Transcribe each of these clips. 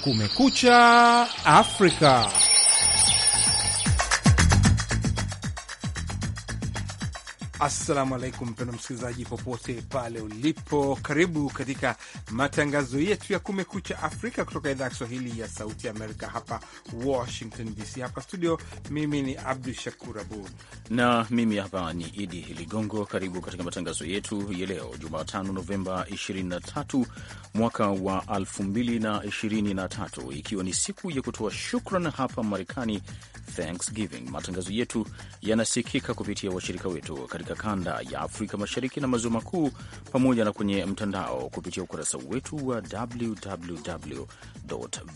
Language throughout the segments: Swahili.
Kumekucha Afrika. Assalamu alaikum, mpendo msikilizaji popote pale ulipo, karibu katika matangazo yetu ya Kumekucha Afrika kutoka idhaa ya Kiswahili ya Sauti ya Amerika hapa Washington DC. Hapa studio, mimi ni Abdu Shakur Abud na mimi hapa ni Idi Ligongo. Karibu katika matangazo yetu ya leo Jumatano, Novemba 23 mwaka wa 2023, ikiwa ni siku ya kutoa shukran hapa Marekani Thanksgiving. Matangazo yetu yanasikika kupitia washirika wetu katika kanda ya Afrika Mashariki na Maziwa Makuu, pamoja na kwenye mtandao kupitia ukurasa wetu wa www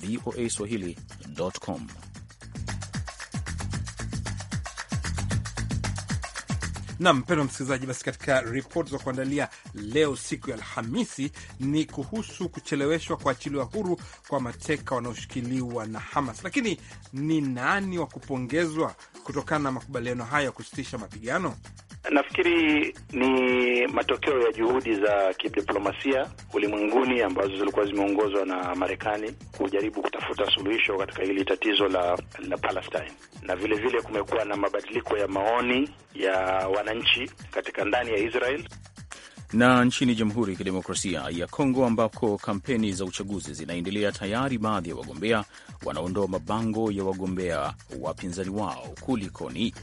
voa swahili.com. Nam mpendwa msikilizaji, basi katika ripoti za kuandalia leo siku ya Alhamisi ni kuhusu kucheleweshwa kuachiliwa huru kwa mateka wanaoshikiliwa na Hamas. Lakini ni nani wa kupongezwa kutokana na makubaliano hayo ya kusitisha mapigano? Nafikiri ni matokeo ya juhudi za kidiplomasia ulimwenguni ambazo zilikuwa zimeongozwa na Marekani kujaribu kutafuta suluhisho katika hili tatizo la, la Palestine, na vile vile kumekuwa na mabadiliko ya maoni ya wananchi katika ndani ya Israel na nchini Jamhuri ya Kidemokrasia ya Kongo ambako kampeni za uchaguzi zinaendelea, tayari baadhi ya wagombea wanaondoa mabango ya wagombea wapinzani wao. Kulikoni?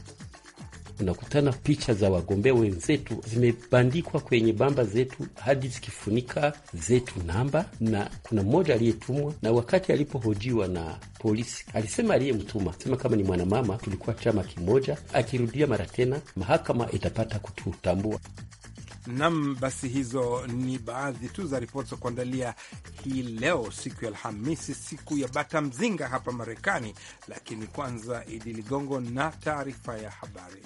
unakutana picha za wagombea wenzetu zimebandikwa kwenye bamba zetu hadi zikifunika zetu namba, na kuna mmoja aliyetumwa, na wakati alipohojiwa na polisi alisema aliyemtuma sema kama ni mwanamama, tulikuwa chama kimoja. Akirudia mara tena, mahakama itapata kututambua. Nam, basi hizo ni baadhi tu za ripoti za kuandalia hii leo, siku ya Alhamisi, siku ya bata mzinga hapa Marekani. Lakini kwanza, Idi Ligongo na taarifa ya habari.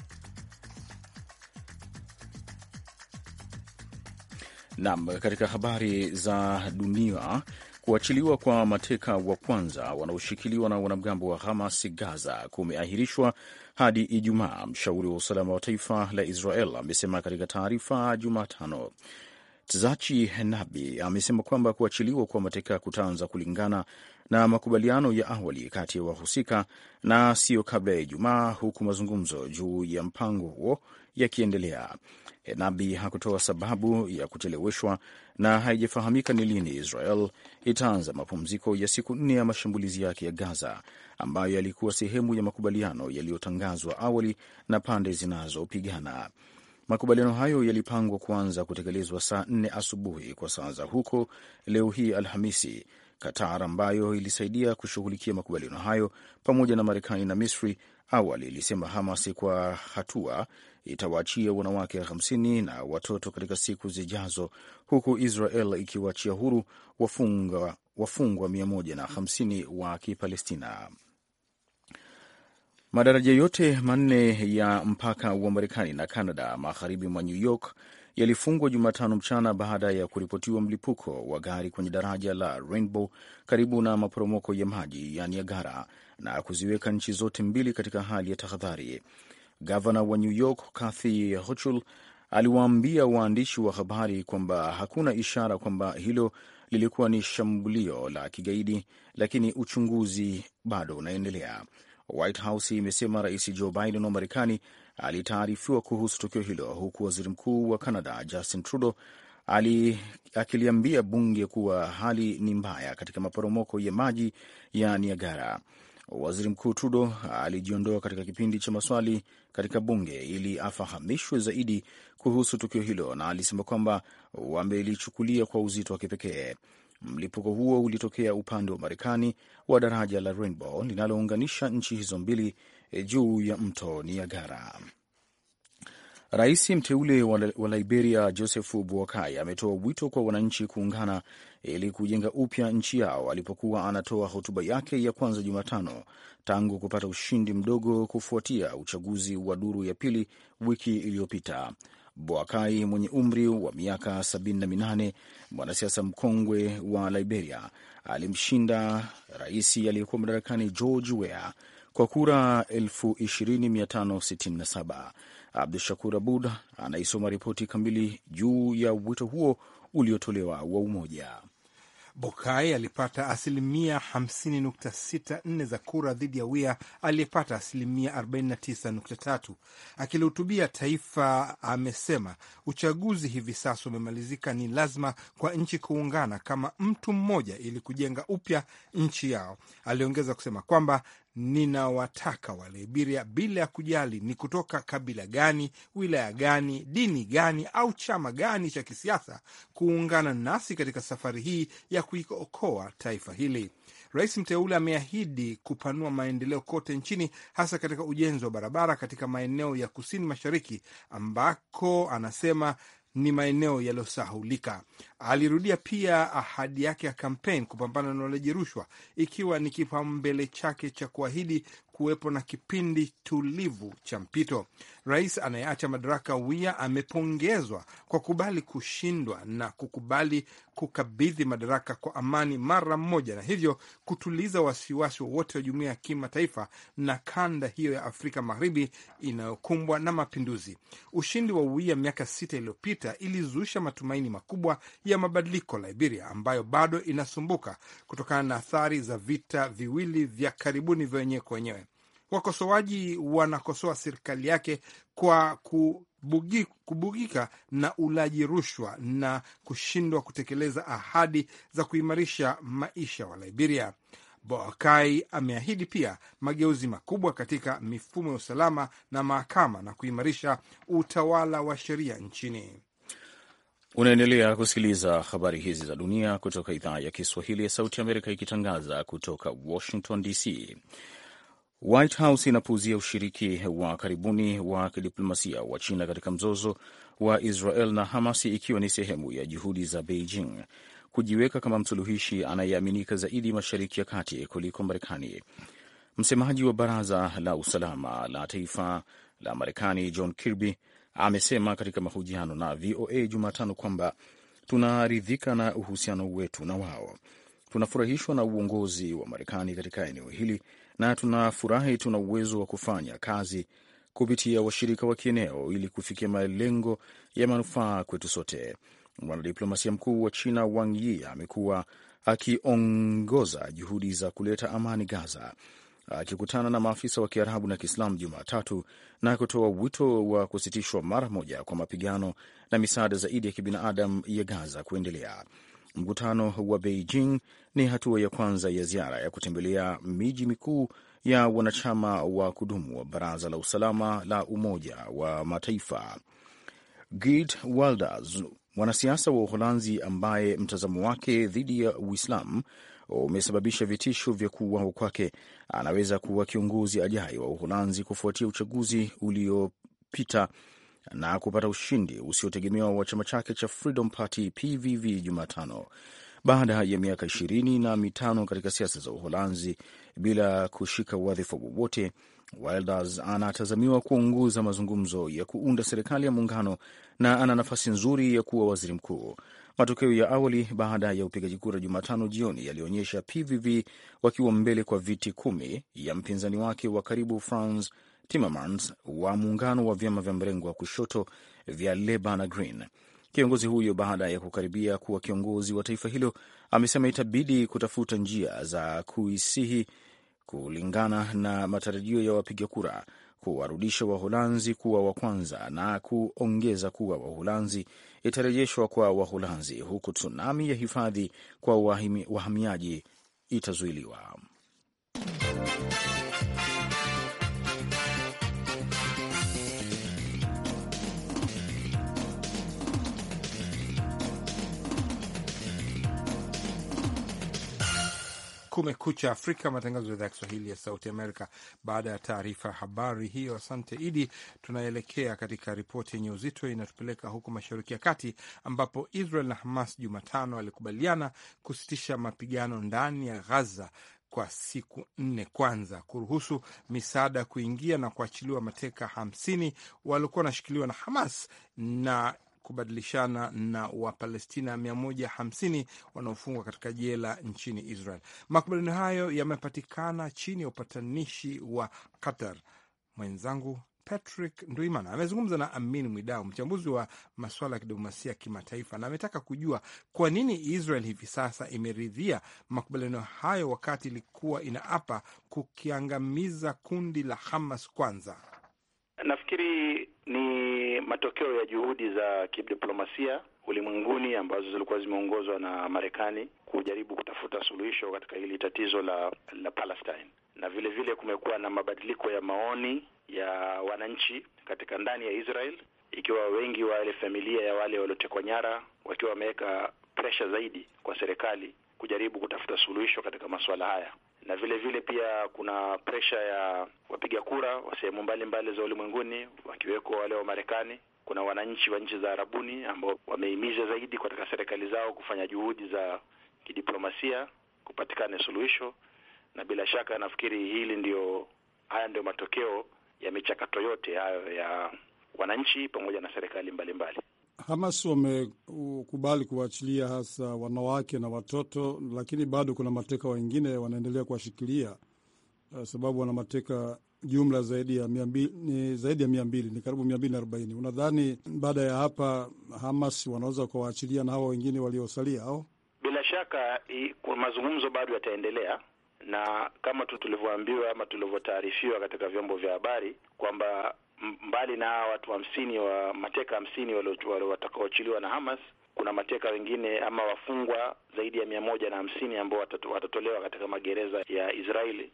Nam, katika habari za dunia Kuachiliwa kwa mateka wa kwanza wanaoshikiliwa na wanamgambo wa Hamas Gaza kumeahirishwa hadi Ijumaa, mshauri wa usalama wa taifa la Israel amesema katika taarifa Jumatano. Tzachi Henabi amesema kwamba kuachiliwa kwa mateka kutaanza kulingana na makubaliano ya awali kati ya wahusika na siyo kabla ya Ijumaa, huku mazungumzo juu ya mpango huo yakiendelea. Henabi hakutoa sababu ya kucheleweshwa na haijafahamika ni lini Israel itaanza mapumziko ya siku nne ya mashambulizi yake ya Gaza ambayo yalikuwa sehemu ya makubaliano yaliyotangazwa awali na pande zinazopigana. Makubaliano hayo yalipangwa kuanza kutekelezwa saa nne asubuhi kwa saa za huko leo hii Alhamisi. Qatar ambayo ilisaidia kushughulikia makubaliano hayo pamoja na Marekani na Misri Awali ilisema Hamas kwa hatua itawaachia wanawake 50 na watoto katika siku zijazo, huku Israel ikiwaachia huru wafungwa wafungwa 150 wa Kipalestina. Madaraja yote manne ya mpaka wa Marekani na canada magharibi mwa New York yalifungwa Jumatano mchana baada ya kuripotiwa mlipuko wa gari kwenye daraja la Rainbow karibu na maporomoko ya maji ya Niagara na kuziweka nchi zote mbili katika hali ya tahadhari. Gavana wa New York Kathy Hochul aliwaambia waandishi wa habari kwamba hakuna ishara kwamba hilo lilikuwa ni shambulio la kigaidi, lakini uchunguzi bado unaendelea. White House imesema Rais Joe Biden wa Marekani alitaarifiwa kuhusu tukio hilo, huku waziri mkuu wa Canada Justin Trudeau akiliambia bunge kuwa hali ni mbaya katika maporomoko ya maji ya Niagara. Waziri Mkuu trudo alijiondoa katika kipindi cha maswali katika bunge ili afahamishwe zaidi kuhusu tukio hilo, na alisema kwamba wamelichukulia kwa uzito wa kipekee. Mlipuko huo ulitokea upande wa Marekani wa daraja la Rainbow linalounganisha nchi hizo mbili eh, juu ya mto Niagara. Rais mteule wa Liberia Joseph Boakai ametoa wito kwa wananchi kuungana ili kujenga upya nchi yao alipokuwa anatoa hotuba yake ya kwanza Jumatano tangu kupata ushindi mdogo kufuatia uchaguzi wa duru ya pili wiki iliyopita. Boakai mwenye umri wa miaka 78, mwanasiasa mkongwe wa Liberia, alimshinda rais aliyekuwa madarakani George Weah kwa kura 20567. Abdu Shakur Abud anaisoma ripoti kamili juu ya wito huo uliotolewa wa umoja Bokai alipata asilimia 50.64 za kura dhidi ya Wia aliyepata asilimia 49.3. Akilihutubia taifa, amesema uchaguzi hivi sasa umemalizika, ni lazima kwa nchi kuungana kama mtu mmoja ili kujenga upya nchi yao. Aliongeza kusema kwamba ninawataka Waliberia bila ya kujali ni kutoka kabila gani, wilaya gani, dini gani au chama gani cha kisiasa kuungana nasi katika safari hii ya kuiokoa taifa hili. Rais mteule ameahidi kupanua maendeleo kote nchini, hasa katika ujenzi wa barabara katika maeneo ya kusini mashariki, ambako anasema ni maeneo yaliyosahulika. Alirudia pia ahadi yake ya kampeni kupambana na ulaji rushwa, ikiwa ni kipaumbele chake cha kuahidi kuwepo na kipindi tulivu cha mpito. Rais anayeacha madaraka Wia amepongezwa kwa kubali kushindwa na kukubali kukabidhi madaraka kwa amani mara moja, na hivyo kutuliza wasiwasi wowote wa jumuiya ya kimataifa na kanda hiyo ya Afrika Magharibi inayokumbwa na mapinduzi. Ushindi wa Wia miaka sita iliyopita ilizusha matumaini makubwa ya mabadiliko Liberia, ambayo bado inasumbuka kutokana na athari za vita viwili vya karibuni vya wenyewe kwa wenyewe. Wakosoaji wanakosoa serikali yake kwa kubugi, kubugika na ulaji rushwa na kushindwa kutekeleza ahadi za kuimarisha maisha wa Liberia. Boakai ameahidi pia mageuzi makubwa katika mifumo ya usalama na mahakama na kuimarisha utawala wa sheria nchini. Unaendelea kusikiliza habari hizi za dunia kutoka idhaa ya Kiswahili ya Sauti ya Amerika, ikitangaza kutoka Washington DC. White House inapuuzia ushiriki wa karibuni wa kidiplomasia wa China katika mzozo wa Israel na Hamas, ikiwa ni sehemu ya juhudi za Beijing kujiweka kama msuluhishi anayeaminika zaidi Mashariki ya Kati kuliko Marekani. Msemaji wa Baraza la Usalama la Taifa la Marekani John Kirby amesema katika mahojiano na VOA Jumatano kwamba tunaridhika na uhusiano wetu na wao, tunafurahishwa na uongozi wa Marekani katika eneo hili na tunafurahi tuna uwezo wa kufanya kazi kupitia washirika wa kieneo ili kufikia malengo ya manufaa kwetu sote. Mwanadiplomasia mkuu wa China Wang Yi amekuwa akiongoza juhudi za kuleta amani Gaza, akikutana na maafisa wa Kiarabu na Kiislamu Jumatatu na kutoa wito wa kusitishwa mara moja kwa mapigano na misaada zaidi ya kibinadamu ya Gaza kuendelea. Mkutano wa Beijing ni hatua ya kwanza ya ziara ya kutembelea miji mikuu ya wanachama wa kudumu wa Baraza la Usalama la Umoja wa Mataifa. Geert Wilders, mwanasiasa wa Uholanzi ambaye mtazamo wake dhidi ya Uislamu umesababisha vitisho vya kuuawa kwake, anaweza kuwa kiongozi ajai wa Uholanzi kufuatia uchaguzi uliopita na kupata ushindi usiotegemewa wa chama chake cha Freedom Party PVV Jumatano baada ya miaka ishirini na mitano katika siasa za Uholanzi bila kushika wadhifa wowote. Wilders anatazamiwa kuongoza mazungumzo ya kuunda serikali ya muungano na ana nafasi nzuri ya kuwa waziri mkuu. Matokeo ya awali baada ya upigaji kura Jumatano jioni yalionyesha PVV wakiwa mbele kwa viti kumi ya mpinzani wake wa karibu Frans Timmermans wa muungano wa vyama vya mrengo wa kushoto vya Leba na Green. Kiongozi huyo baada ya kukaribia kuwa kiongozi wa taifa hilo amesema itabidi kutafuta njia za kuisihi kulingana na matarajio ya wapiga kura kuwarudisha Waholanzi kuwa wa kwanza na kuongeza kuwa Waholanzi itarejeshwa kwa Waholanzi, huku tsunami ya hifadhi kwa wahamiaji itazuiliwa. Kumekucha Afrika, matangazo ya idhaa ya Kiswahili ya Sauti Amerika. Baada ya taarifa ya habari hiyo, asante Idi, tunaelekea katika ripoti yenye uzito, inatupeleka huko Mashariki ya Kati ambapo Israel na Hamas Jumatano walikubaliana kusitisha mapigano ndani ya ghaza kwa siku nne kwanza, kuruhusu misaada kuingia na kuachiliwa mateka hamsini waliokuwa wanashikiliwa na Hamas na kubadilishana na Wapalestina 150 wanaofungwa katika jela nchini Israel. Makubaliano hayo yamepatikana chini ya upatanishi wa Qatar. Mwenzangu Patrick Ndwimana amezungumza na Amin Mwidau, mchambuzi wa masuala ya kidiplomasia ya kimataifa, na ametaka kujua kwa nini Israel hivi sasa imeridhia makubaliano hayo wakati ilikuwa inaapa kukiangamiza kundi la Hamas kwanza. Nafikiri ni matokeo ya juhudi za kidiplomasia ulimwenguni ambazo zilikuwa zimeongozwa na Marekani kujaribu kutafuta suluhisho katika hili tatizo la la Palestine, na vile vile kumekuwa na mabadiliko ya maoni ya wananchi katika ndani ya Israel, ikiwa wengi wa ile familia ya wale waliotekwa nyara wakiwa wameweka presha zaidi kwa serikali kujaribu kutafuta suluhisho katika masuala haya na vile vile pia kuna presha ya wapiga kura wa sehemu mbalimbali za ulimwenguni wakiweko wale wa Marekani. Kuna wananchi wa nchi za Arabuni ambao wameimiza zaidi katika serikali zao kufanya juhudi za kidiplomasia kupatikana suluhisho, na bila shaka nafikiri hili ndio, haya ndio matokeo ya michakato yote hayo ya wananchi pamoja na serikali mbalimbali mbali. Hamas wamekubali kuwaachilia hasa wanawake na watoto, lakini bado kuna mateka wengine wanaendelea kuwashikilia, eh, sababu wana mateka jumla zaidi ya mia mbili, ni zaidi ya mia mbili, ni karibu mia mbili na arobaini. Unadhani baada ya hapa Hamas wanaweza kuwaachilia na hawa wengine waliosalia au? Bila shaka mazungumzo bado yataendelea na kama tu tulivyoambiwa ama tulivyotaarifiwa katika vyombo vya habari kwamba mbali na watu hamsini wa mateka hamsini watakaoachiliwa na Hamas, kuna mateka wengine ama wafungwa zaidi ya mia moja na hamsini ambao watatolewa katika magereza ya Israeli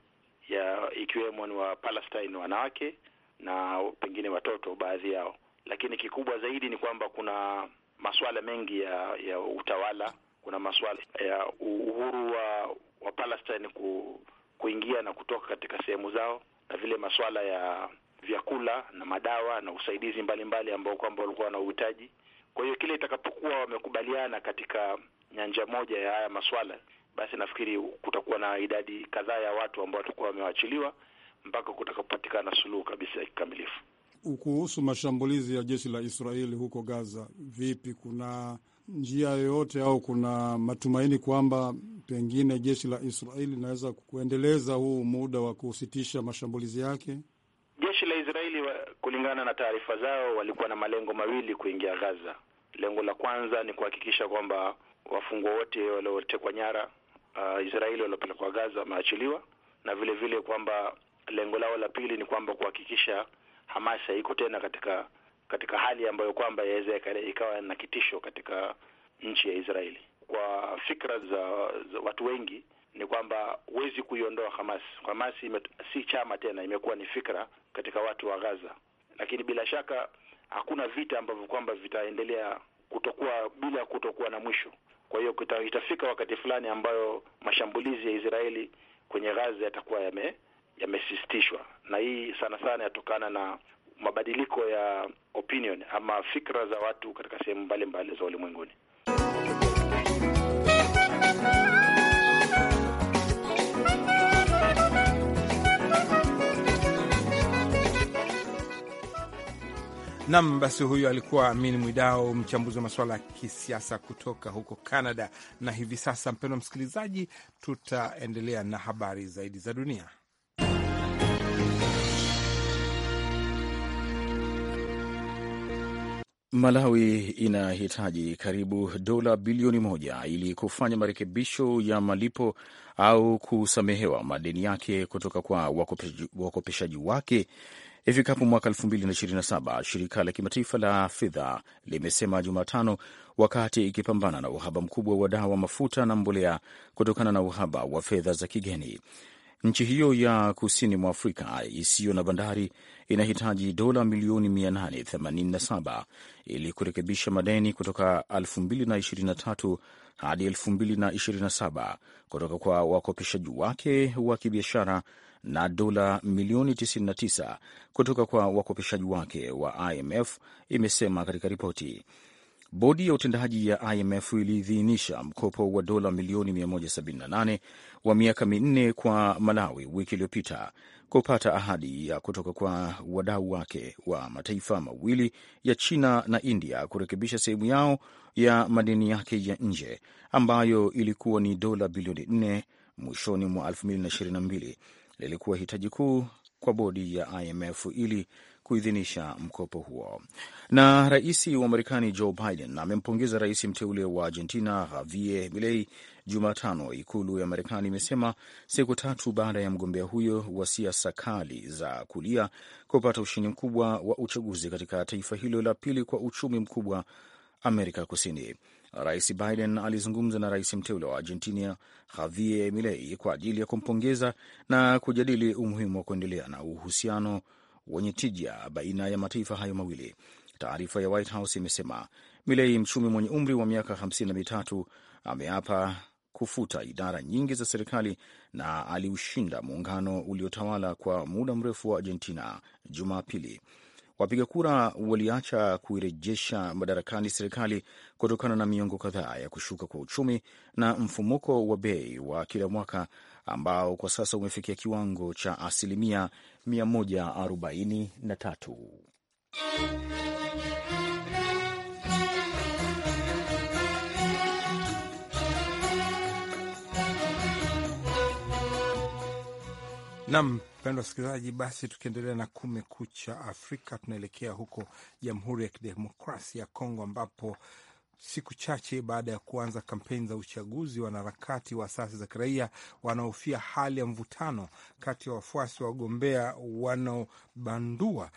ya ikiwemo ni wa Palestine wanawake na pengine watoto baadhi yao. Lakini kikubwa zaidi ni kwamba kuna masuala mengi ya, ya utawala. Kuna masuala ya uhuru wa, wa Palestine ku, kuingia na kutoka katika sehemu zao na vile masuala ya vyakula na madawa na usaidizi mbalimbali ambao kwamba walikuwa wana uhitaji. Kwa hiyo kile itakapokuwa wamekubaliana katika nyanja moja ya haya maswala, basi nafikiri kutakuwa na idadi kadhaa ya watu ambao watakuwa wamewachiliwa mpaka kutakapopatikana suluhu kabisa ya kikamilifu. Kuhusu mashambulizi ya jeshi la Israeli huko Gaza, vipi, kuna njia yoyote au kuna matumaini kwamba pengine jeshi la Israeli linaweza kuendeleza huu muda wa kusitisha mashambulizi yake? Kulingana na taarifa zao, walikuwa na malengo mawili kuingia Gaza. Lengo la kwanza ni kuhakikisha kwamba wafungwa wote waliotekwa nyara uh, Israeli waliopelekwa Gaza wameachiliwa, na vile vile kwamba lengo lao la pili ni kwamba kuhakikisha Hamas haiko tena katika katika hali ambayo kwamba yaweza ikawa na kitisho katika nchi ya Israeli. Kwa fikra za, za watu wengi ni kwamba huwezi kuiondoa Hamas. Hamas ime, si chama tena, imekuwa ni fikra katika watu wa Gaza lakini bila shaka hakuna vita ambavyo kwamba vitaendelea kutokuwa bila kutokuwa na mwisho. Kwa hiyo itafika wakati fulani ambayo mashambulizi ya Israeli kwenye Gaza yatakuwa yame yamesisitishwa, na hii sana sana yatokana na mabadiliko ya opinion ama fikra za watu katika sehemu mbalimbali za ulimwenguni. Nam, basi huyo alikuwa Amin Mwidao, mchambuzi wa masuala ya kisiasa kutoka huko Canada. Na hivi sasa, mpendwa msikilizaji, tutaendelea na habari zaidi za dunia. Malawi inahitaji karibu dola bilioni moja ili kufanya marekebisho ya malipo au kusamehewa madeni yake kutoka kwa wakopeshaji wake Ifikapo mwaka 2027 shirika la kimataifa la fedha limesema Jumatano, wakati ikipambana na uhaba mkubwa wa dawa, mafuta na mbolea kutokana na uhaba wa fedha za kigeni. Nchi hiyo ya kusini mwa Afrika isiyo na bandari inahitaji dola milioni 887 ili kurekebisha madeni kutoka 2023 hadi 2027 kutoka kwa wakopeshaji wake wa kibiashara na dola milioni 99 kutoka kwa wakopeshaji wake wa IMF, imesema katika ripoti. Bodi ya utendaji ya IMF iliidhinisha mkopo wa dola milioni 178 wa miaka minne kwa Malawi wiki iliyopita kupata ahadi ya kutoka kwa wadau wake wa mataifa mawili ya China na India kurekebisha sehemu yao ya madeni yake ya nje ambayo ilikuwa ni dola bilioni 4 mwishoni mwa 2022 lilikuwa hitaji kuu kwa bodi ya IMF ili kuidhinisha mkopo huo. Na rais wa Marekani Joe Biden amempongeza rais mteule wa Argentina Javier Milei Jumatano, ikulu ya Marekani imesema siku tatu baada ya mgombea huyo wa siasa kali za kulia kupata ushindi mkubwa wa uchaguzi katika taifa hilo la pili kwa uchumi mkubwa Amerika Kusini. Rais Biden alizungumza na rais mteule wa Argentina Javier Milei kwa ajili ya kumpongeza na kujadili umuhimu wa kuendelea na uhusiano wenye tija baina ya mataifa hayo mawili. Taarifa ya White House imesema Milei, mchumi mwenye umri wa miaka hamsini na mitatu, ameapa kufuta idara nyingi za serikali na aliushinda muungano uliotawala kwa muda mrefu wa Argentina Jumapili. Wapiga kura waliacha kuirejesha madarakani serikali kutokana na miongo kadhaa ya kushuka kwa uchumi na mfumuko wa bei wa kila mwaka ambao kwa sasa umefikia kiwango cha asilimia 143. Nam mpendwa wasikilizaji, basi tukiendelea na Kumekucha Afrika, tunaelekea huko Jamhuri ya Kidemokrasia ya Kongo ambapo siku chache baada ya kuanza kampeni za uchaguzi, wanaharakati wa asasi za kiraia wanahofia hali ya mvutano kati ya wafuasi wa wagombea wanaobandua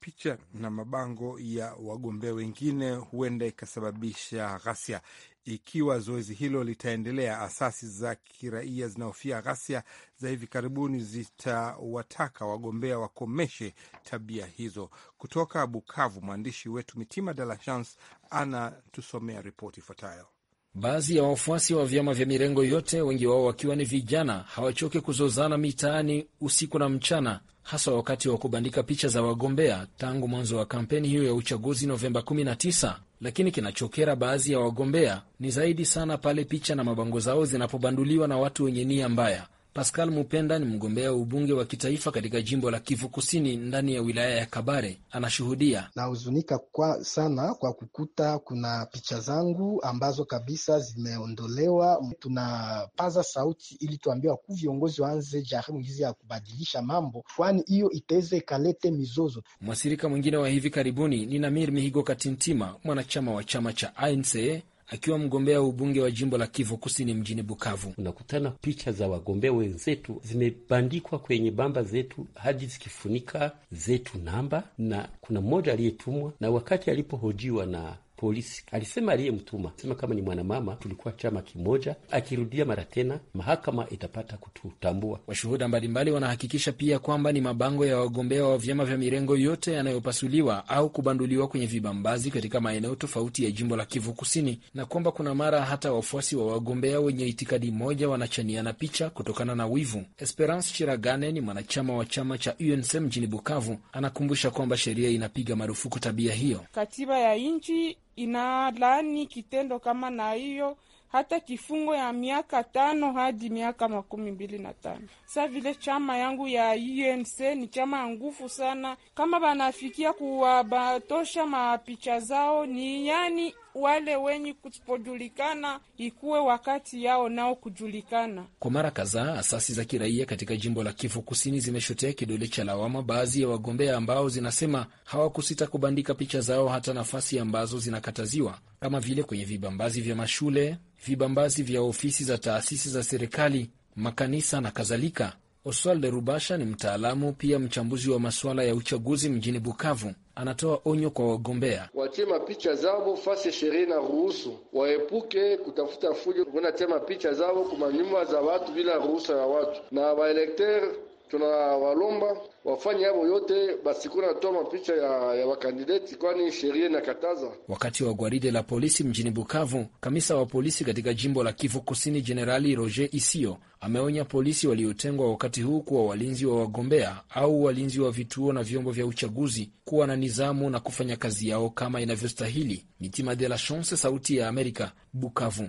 picha na mabango ya wagombea wengine huenda ikasababisha ghasia. Ikiwa zoezi hilo litaendelea, asasi za kiraia zinahofia ghasia za hivi karibuni zitawataka wagombea wakomeshe tabia hizo. Kutoka Bukavu, mwandishi wetu Mitima De La Chance anatusomea ripoti ifuatayo. Baadhi ya wafuasi wa vyama vya mirengo yote, wengi wao wakiwa ni vijana, hawachoki kuzozana mitaani usiku na mchana, hasa wakati wa kubandika picha za wagombea tangu mwanzo wa kampeni hiyo ya uchaguzi Novemba 19. Lakini kinachokera baadhi ya wagombea ni zaidi sana pale picha na mabango zao zinapobanduliwa na watu wenye nia mbaya. Pascal Mupenda ni mgombea ubunge wa kitaifa katika jimbo la Kivu Kusini ndani ya wilaya ya Kabare. Anashuhudia: nahuzunika kwa sana kwa kukuta kuna picha zangu ambazo kabisa zimeondolewa. Tunapaza sauti ili tuambie wakuu viongozi waanze jaribu hizi ya kubadilisha mambo, kwani hiyo itaweza ikalete mizozo. Mwasirika mwingine wa hivi karibuni ni Namir Mihigo Katintima, mwanachama wa chama cha ANC e akiwa mgombea ubunge wa jimbo la Kivu Kusini mjini Bukavu. Unakutana picha za wagombea wenzetu zimebandikwa kwenye bamba zetu hadi zikifunika zetu namba, na kuna mmoja aliyetumwa, na wakati alipohojiwa na polisi alisema aliyemtuma sema kama ni mwanamama, tulikuwa chama kimoja. Akirudia mara tena, mahakama itapata kututambua. Washuhuda mbalimbali wanahakikisha pia kwamba ni mabango ya wagombea wa vyama vya mirengo yote yanayopasuliwa au kubanduliwa kwenye vibambazi katika maeneo tofauti ya jimbo la Kivu Kusini, na kwamba kuna mara hata wafuasi wa wagombea wenye itikadi moja wanachaniana picha kutokana na wivu. Esperance Chiragane ni mwanachama wa chama cha UNC mjini Bukavu, anakumbusha kwamba sheria inapiga marufuku tabia hiyo. Katiba ya nchi inalaani kitendo kama na hiyo hata kifungo ya miaka tano hadi miaka makumi mbili na tano. Sa vile chama yangu ya UNC ni chama ya nguvu sana, kama banafikia kuwabatosha mapicha zao ni yani wale wenye kusipojulikana ikuwe wakati yao nao kujulikana. Kwa mara kadhaa, asasi za kiraia katika jimbo la Kivu Kusini zimeshotea kidole cha lawama baadhi ya wagombea ambao zinasema hawakusita kubandika picha zao hata nafasi ambazo zinakataziwa, kama vile kwenye vibambazi vya mashule, vibambazi vya ofisi za taasisi za serikali, makanisa na kadhalika. Oswald Rubasha ni mtaalamu pia mchambuzi wa masuala ya uchaguzi mjini Bukavu. Anatoa onyo kwa wagombea wachema picha zavo fasi sheria na ruhusu waepuke kutafuta fujo kunatema picha zabo nyumba za watu bila ruhusa ya watu na waelekter tunawalomba wafanye havo yote basi, kuna toa mapicha ya, ya wakandideti kwani sheria inakataza. Wakati wa gwaride la polisi mjini Bukavu, kamisa wa polisi katika jimbo la Kivu Kusini Jenerali Roger Isio ameonya polisi waliotengwa wakati huu kuwa walinzi wa wagombea au walinzi wa vituo na vyombo vya uchaguzi kuwa na nizamu na kufanya kazi yao kama inavyostahili. Mitima de la Chance, Sauti ya Amerika, Bukavu.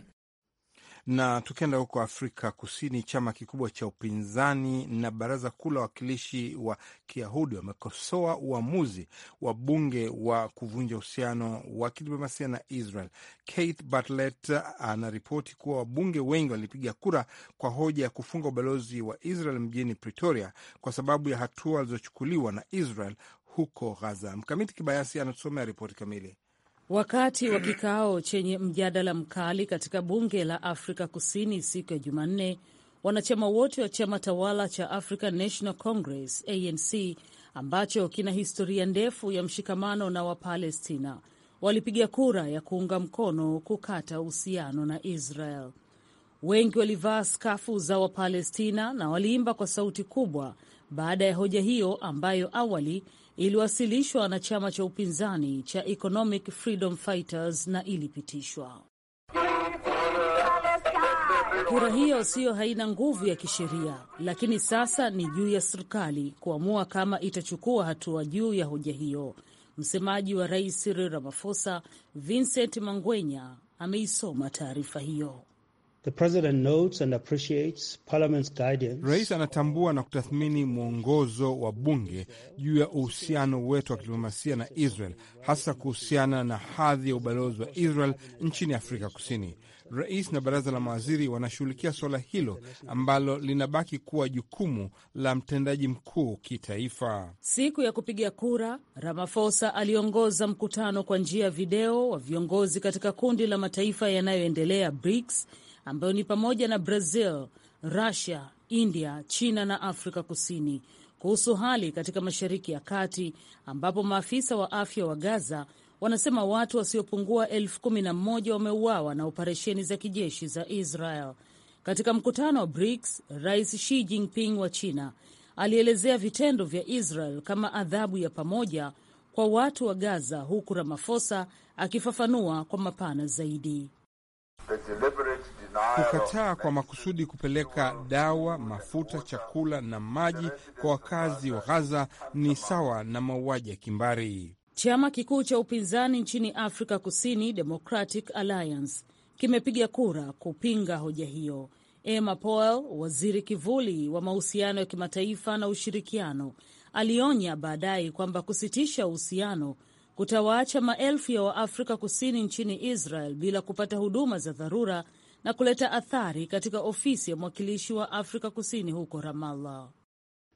Na tukienda huko Afrika Kusini, chama kikubwa cha upinzani na baraza kuu la wakilishi wa Kiyahudi wamekosoa uamuzi wa bunge wa kuvunja uhusiano wa kidiplomasia na Israel. Keith Bartlett anaripoti kuwa wabunge wengi walipiga kura kwa hoja ya kufunga ubalozi wa Israel mjini Pretoria kwa sababu ya hatua zilizochukuliwa na Israel huko Gaza. Mkamiti Kibayasi anatusomea ripoti kamili. Wakati wa kikao chenye mjadala mkali katika bunge la Afrika Kusini siku ya Jumanne, wanachama wote wa chama tawala cha African National Congress ANC ambacho kina historia ndefu ya mshikamano na Wapalestina walipiga kura ya kuunga mkono kukata uhusiano na Israel. Wengi walivaa skafu za Wapalestina na waliimba kwa sauti kubwa baada ya hoja hiyo ambayo awali iliwasilishwa na chama cha upinzani cha Economic Freedom Fighters na ilipitishwa. Kura hiyo siyo haina nguvu ya kisheria, lakini sasa ni juu ya serikali kuamua kama itachukua hatua juu ya hoja hiyo. Msemaji wa rais Cyril Ramaphosa, Vincent Mangwenya, ameisoma taarifa hiyo. The president notes and appreciates parliament's guidance. Rais anatambua na kutathmini mwongozo wa bunge juu ya uhusiano wetu wa kidiplomasia na Israel, hasa kuhusiana na hadhi ya ubalozi wa Israel nchini Afrika Kusini. Rais na baraza la mawaziri wanashughulikia suala hilo ambalo linabaki kuwa jukumu la mtendaji mkuu kitaifa. Siku ya kupiga kura, Ramaphosa aliongoza mkutano kwa njia ya video wa viongozi katika kundi la mataifa yanayoendelea BRICS ambayo ni pamoja na Brazil, rusia India, China na Afrika Kusini kuhusu hali katika Mashariki ya Kati ambapo maafisa wa afya wa Gaza wanasema watu wasiopungua elfu kumi na wameuawa na operesheni za kijeshi za Israel. Katika mkutano wa BRICS, Rais Xi Jinping wa China alielezea vitendo vya Israel kama adhabu ya pamoja kwa watu wa Gaza, huku ramafosa akifafanua kwa mapana zaidi The kukataa kwa makusudi kupeleka dawa, mafuta, chakula na maji kwa wakazi wa ghaza ni sawa na mauaji ya kimbari. Chama kikuu cha upinzani nchini Afrika Kusini, Democratic Alliance, kimepiga kura kupinga hoja hiyo. Emma Powell, waziri kivuli wa mahusiano ya kimataifa na ushirikiano, alionya baadaye kwamba kusitisha uhusiano kutawaacha maelfu ya Waafrika Kusini nchini Israel bila kupata huduma za dharura na kuleta athari katika ofisi ya mwakilishi wa Afrika Kusini huko Ramallah.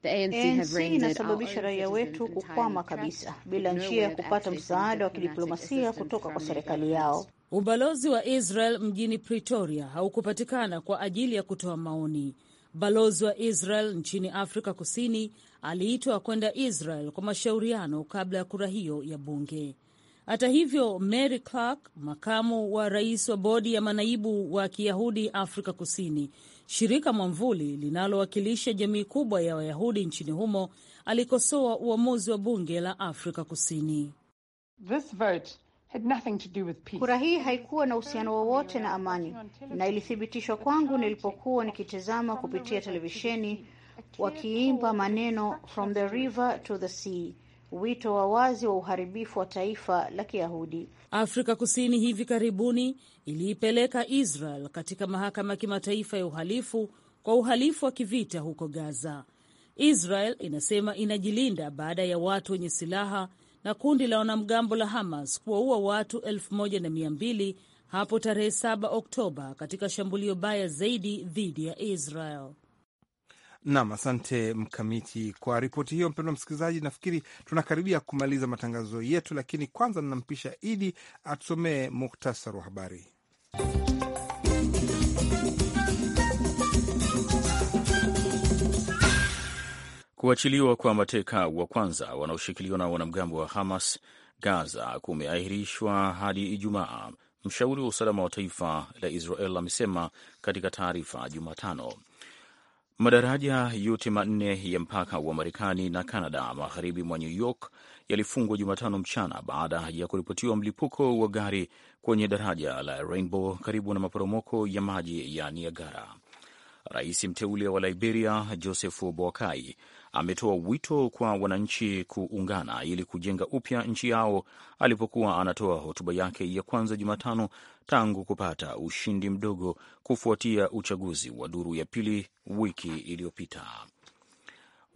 ANC inasababisha raia wetu kukwama kabisa bila njia ya kupata msaada wa kidiplomasia kutoka kwa serikali yao. Ubalozi wa Israel mjini Pretoria haukupatikana kwa ajili ya kutoa maoni. Balozi wa Israel nchini Afrika Kusini aliitwa kwenda Israel kwa mashauriano kabla ya kura hiyo ya bunge. Hata hivyo, Mary Clark, makamu wa rais wa bodi ya manaibu wa Kiyahudi Afrika Kusini, shirika mwamvuli linalowakilisha jamii kubwa ya Wayahudi nchini humo, alikosoa uamuzi wa bunge la Afrika Kusini. This vote Kura hii haikuwa na uhusiano wowote na amani, na ilithibitishwa kwangu nilipokuwa nikitazama kupitia televisheni wakiimba maneno from the river to the sea wito wa wazi wa uharibifu wa taifa la Kiyahudi. Afrika Kusini hivi karibuni iliipeleka Israel katika mahakama ya kimataifa ya uhalifu kwa uhalifu wa kivita huko Gaza. Israel inasema inajilinda baada ya watu wenye silaha na kundi la wanamgambo la Hamas kuwaua watu 1200 hapo tarehe 7 Oktoba katika shambulio baya zaidi dhidi ya Israel. Nam, asante Mkamiti kwa ripoti hiyo. Mpendwa msikilizaji, nafikiri tunakaribia kumaliza matangazo yetu, lakini kwanza nampisha Idi atusomee muktasari wa habari. Kuachiliwa kwa mateka wa kwanza wanaoshikiliwa na wanamgambo wa Hamas Gaza kumeahirishwa hadi Ijumaa, mshauri wa usalama wa taifa la Israel amesema katika taarifa Jumatano. Madaraja yote manne ya mpaka wa Marekani na canada magharibi mwa New York yalifungwa Jumatano mchana baada ya kuripotiwa mlipuko wa gari kwenye daraja la Rainbow karibu na maporomoko ya maji ya Niagara. Rais mteule wa Liberia Joseph Boakai ametoa wito kwa wananchi kuungana ili kujenga upya nchi yao alipokuwa anatoa hotuba yake ya kwanza Jumatano tangu kupata ushindi mdogo kufuatia uchaguzi wa duru ya pili wiki iliyopita.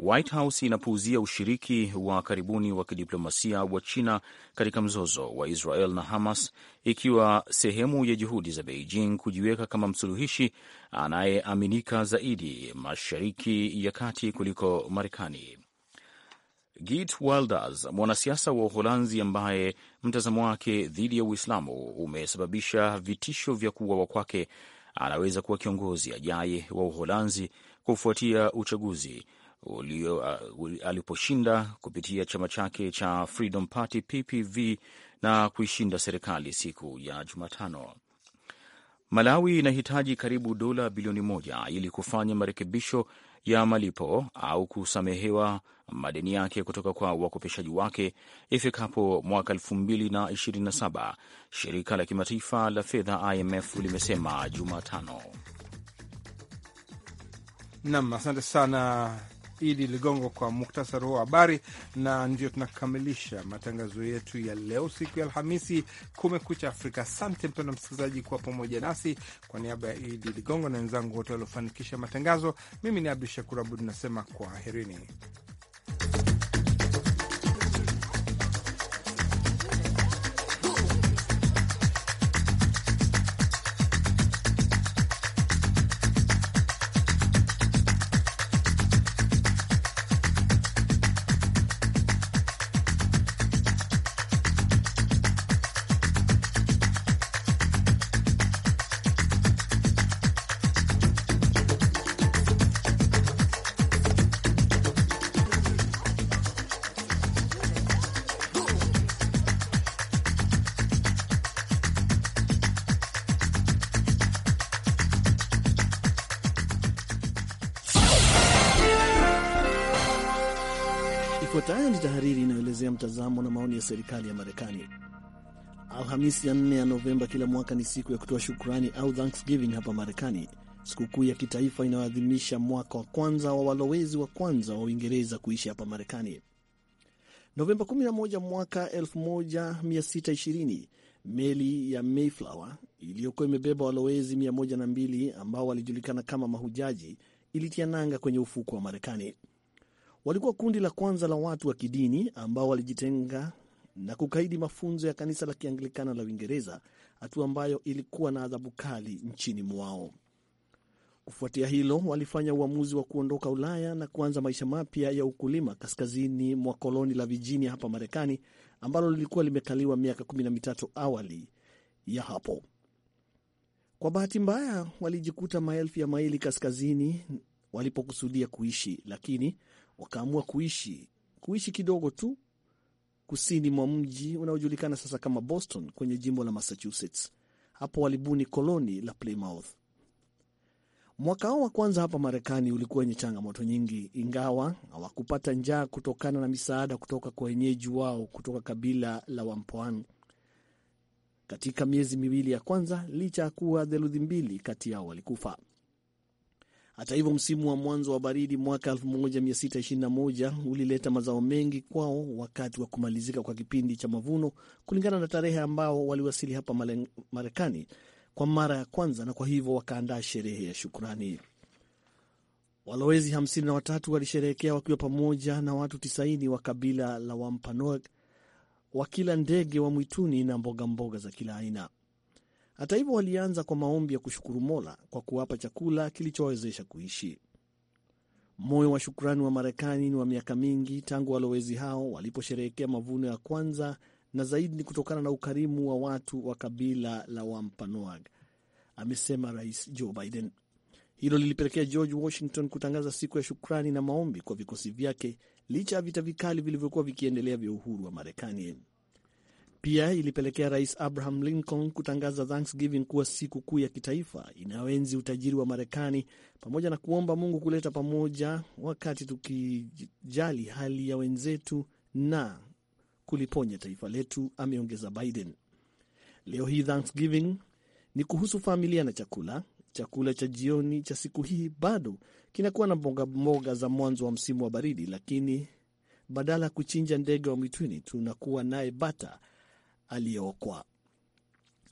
White House inapuuzia ushiriki wa karibuni wa kidiplomasia wa China katika mzozo wa Israel na Hamas, ikiwa sehemu ya juhudi za Beijing kujiweka kama msuluhishi anayeaminika zaidi Mashariki ya Kati kuliko Marekani. Geert Wilders, mwanasiasa wa Uholanzi ambaye mtazamo wake dhidi ya Uislamu umesababisha vitisho vya kuuawa kwake, anaweza kuwa kiongozi ajaye wa Uholanzi kufuatia uchaguzi uh, aliposhinda kupitia chama chake cha Freedom Party PPV na kuishinda serikali siku ya Jumatano. Malawi inahitaji karibu dola bilioni moja ili kufanya marekebisho ya malipo au kusamehewa madeni yake kutoka kwa wakopeshaji wake ifikapo mwaka 2027, shirika la kimataifa la fedha IMF limesema Jumatano. Nam, asante sana Idi Ligongo kwa muktasari wa habari, na ndio tunakamilisha matangazo yetu ya leo, siku ya Alhamisi, Kumekucha Afrika. Asante mpendo msikilizaji kwa pamoja nasi. Kwa niaba ya Idi Ligongo na wenzangu wote waliofanikisha matangazo, mimi ni Abdu Shakur Abud nasema kwaherini. Ifuatayo ni tahariri inayoelezea mtazamo na maoni ya serikali ya Marekani. Alhamisi ya 4 ya Novemba kila mwaka ni siku ya kutoa shukrani au Thanksgiving hapa Marekani, sikukuu ya kitaifa inayoadhimisha mwaka wa kwanza wa walowezi wa kwanza wa Uingereza kuishi hapa Marekani. Novemba 11 mwaka 1620 meli ya Mayflower iliyokuwa imebeba walowezi 102 ambao walijulikana kama mahujaji ilitia nanga kwenye ufuko wa Marekani walikuwa kundi la kwanza la watu wa kidini ambao walijitenga na kukaidi mafunzo ya kanisa la Kianglikana la Uingereza, hatua ambayo ilikuwa na adhabu kali nchini mwao. Kufuatia hilo, walifanya uamuzi wa kuondoka Ulaya na kuanza maisha mapya ya ukulima kaskazini mwa koloni la Virginia hapa Marekani, ambalo lilikuwa limekaliwa miaka kumi na mitatu awali ya hapo. Kwa bahati mbaya, walijikuta maelfu ya maili kaskazini walipokusudia kuishi, lakini wakaamua kuishi kuishi kidogo tu kusini mwa mji unaojulikana sasa kama Boston kwenye jimbo la Massachusetts. Hapo walibuni koloni la Plymouth. Mwaka wao wa kwanza hapa Marekani ulikuwa wenye changamoto nyingi, ingawa hawakupata njaa kutokana na misaada kutoka kwa wenyeji wao kutoka kabila la Wampoan katika miezi miwili ya kwanza, licha ya kuwa theluthi mbili kati yao walikufa. Hata hivyo, msimu wa mwanzo wa baridi mwaka 1621 ulileta mazao mengi kwao wakati wa kumalizika kwa kipindi cha mavuno, kulingana na tarehe ambao waliwasili hapa Marekani kwa mara ya kwanza, na kwa hivyo wakaandaa sherehe ya shukrani. Walowezi 53 walisherehekea wakiwa pamoja na watu 90 wa kabila la Wampanoag wakila ndege wa mwituni na mbogamboga mboga za kila aina. Hata hivyo, walianza kwa maombi ya kushukuru Mola kwa kuwapa chakula kilichowawezesha kuishi. Moyo wa shukrani wa Marekani ni wa miaka mingi tangu walowezi hao waliposherehekea mavuno ya kwanza, na zaidi ni kutokana na ukarimu wa watu wa kabila la Wampanoag, amesema Rais Joe Biden. Hilo lilipelekea George Washington kutangaza siku ya shukrani na maombi kwa vikosi vyake licha ya vita vikali vilivyokuwa vikiendelea vya uhuru wa Marekani. Pia ilipelekea Rais Abraham Lincoln kutangaza Thanksgiving kuwa siku kuu ya kitaifa inayoenzi utajiri wa Marekani pamoja na kuomba Mungu kuleta pamoja, wakati tukijali hali ya wenzetu na kuliponya taifa letu, ameongeza Biden. Leo hii Thanksgiving ni kuhusu familia na chakula. Chakula cha jioni cha siku hii bado kinakuwa na mbogamboga za mwanzo wa msimu wa baridi, lakini badala ya kuchinja ndege wa mwituni tunakuwa naye bata aliyeokwa.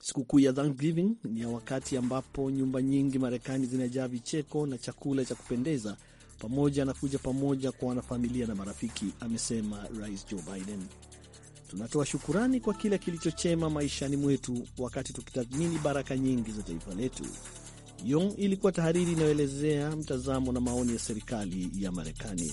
Sikukuu ya Thanksgiving ni ya wakati ambapo nyumba nyingi Marekani zinajaa vicheko na chakula cha kupendeza pamoja na kuja pamoja kwa wanafamilia na marafiki, amesema Rais Joe Biden. Tunatoa shukurani kwa kile kilichochema maishani mwetu wakati tukitathmini baraka nyingi za taifa letu. Yong ilikuwa tahariri inayoelezea mtazamo na maoni ya serikali ya Marekani.